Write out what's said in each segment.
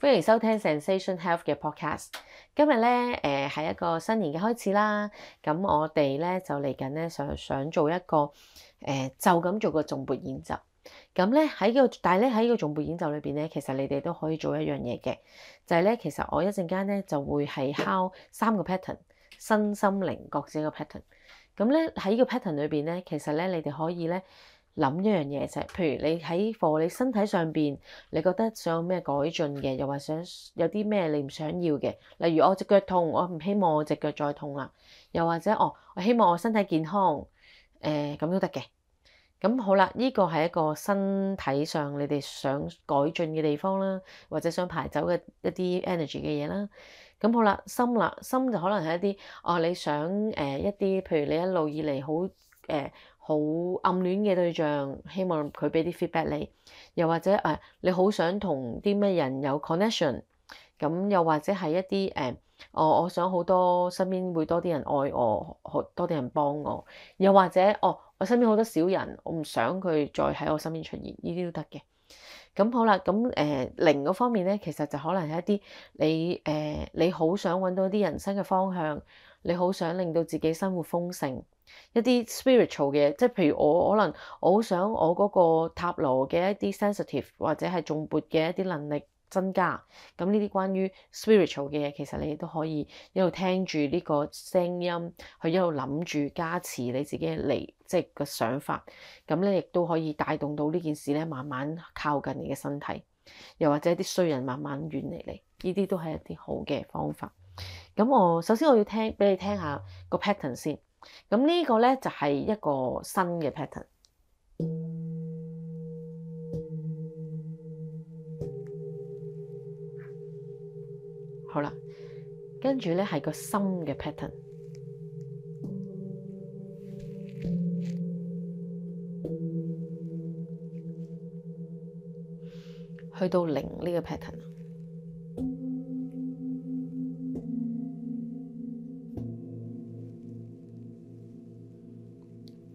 歡迎收聽 Zensation Health 嘅 podcast。今日咧，誒、呃，係一個新年嘅開始啦。咁我哋咧就嚟緊咧，想想做一個誒、呃，就咁做個頌缽演奏。咁咧喺呢個，但係咧喺呢個頌缽演奏裏邊咧，其實你哋都可以做一樣嘢嘅，就係、是、咧，其實我一陣間咧就會係敲三個 pattern，身心靈各自一個 pattern。咁咧喺呢個 pattern 裏邊咧，其實咧你哋可以咧。諗一樣嘢就係，譬如你喺課，你身體上邊，你覺得想有咩改進嘅，又或想有啲咩你唔想要嘅，例如我隻腳痛，我唔希望我隻腳再痛啦，又或者哦，我希望我身體健康，誒，咁都得嘅。咁好啦，呢個係一個身體上你哋想改進嘅地方啦，或者想排走嘅一啲 energy 嘅嘢啦。咁好啦，心啦，心就可能係一啲哦，你想誒、呃、一啲，譬如你一路以嚟好誒。呃好暗戀嘅對象，希望佢俾啲 feedback 你，又或者誒、啊、你好想同啲咩人有 connection，咁又或者係一啲誒哦我想好多身邊會多啲人愛我，好多啲人幫我，又或者哦、啊，我身邊好多小人，我唔想佢再喺我身邊出現，呢啲都得嘅。咁好啦，咁誒靈嗰方面咧，其實就可能係一啲你誒、呃、你好想揾到一啲人生嘅方向，你好想令到自己生活豐盛，一啲 spiritual 嘅，即係譬如我可能我好想我嗰個塔羅嘅一啲 sensitive 或者係頌缽嘅一啲能力。增加咁呢啲關於 spiritual 嘅嘢，其實你都可以一路聽住呢個聲音，去一路諗住加持你自己嚟，即係個想法。咁咧，亦都可以帶動到呢件事咧，慢慢靠近你嘅身體，又或者啲衰人慢慢遠離你。呢啲都係一啲好嘅方法。咁我首先我要聽俾你聽下個 pattern 先。咁呢個咧就係一個新嘅 pattern。好啦，跟住呢係個深嘅 pattern，去到零呢個 pattern。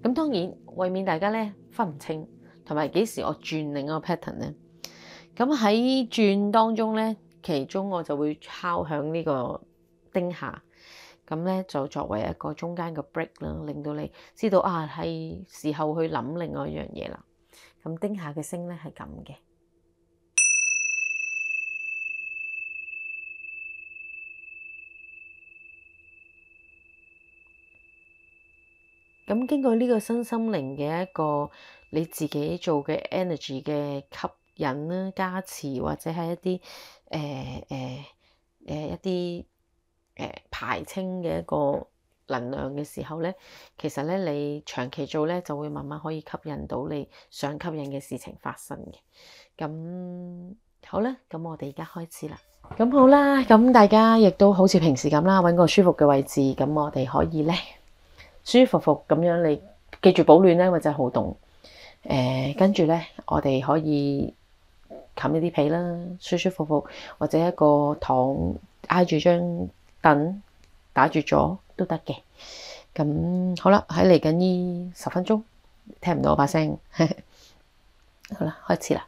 咁當然為免大家呢分唔清，同埋幾時我轉另一個 pattern 呢，咁喺轉當中呢。其中我就會敲響呢個丁下，咁咧就作為一個中間嘅 break 啦，令到你知道啊係時候去諗另外一樣嘢啦。咁丁下嘅聲咧係咁嘅。咁經過呢個身心靈嘅一個你自己做嘅 energy 嘅吸引人啦、加持或者係一啲誒誒誒一啲誒、呃、排清嘅一個能量嘅時候咧，其實咧你長期做咧就會慢慢可以吸引到你想吸引嘅事情發生嘅。咁好啦，咁我哋而家開始啦。咁好啦，咁大家亦都好似平時咁啦，搵個舒服嘅位置，咁我哋可以咧舒舒服服咁樣，你記住保暖咧，或者好凍。誒、呃，跟住咧，我哋可以。冚呢啲被啦，舒舒服服，或者一個躺挨住張凳打住咗都得嘅。咁好啦，喺嚟緊呢十分鐘，聽唔到我把聲， 好啦，開始啦。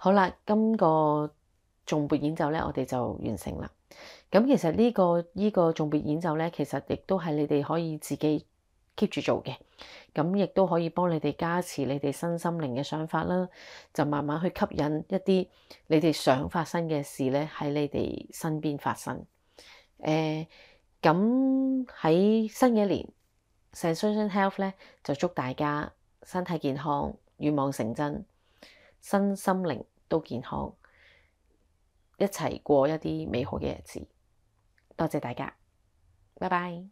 好啦，今、這個頌缽演奏咧，我哋就完成啦。咁其實呢個依個頌缽演奏咧，其實亦都係你哋可以自己 keep 住做嘅，咁亦都可以幫你哋加持你哋身心靈嘅想法啦，就慢慢去吸引一啲你哋想發生嘅事咧喺你哋身邊發生。誒、呃，咁喺新嘅一年，Zensation Health 咧就祝大家身體健康、願望成真、身心靈，都健康，一齊過一啲美好嘅日子。多謝大家，拜拜。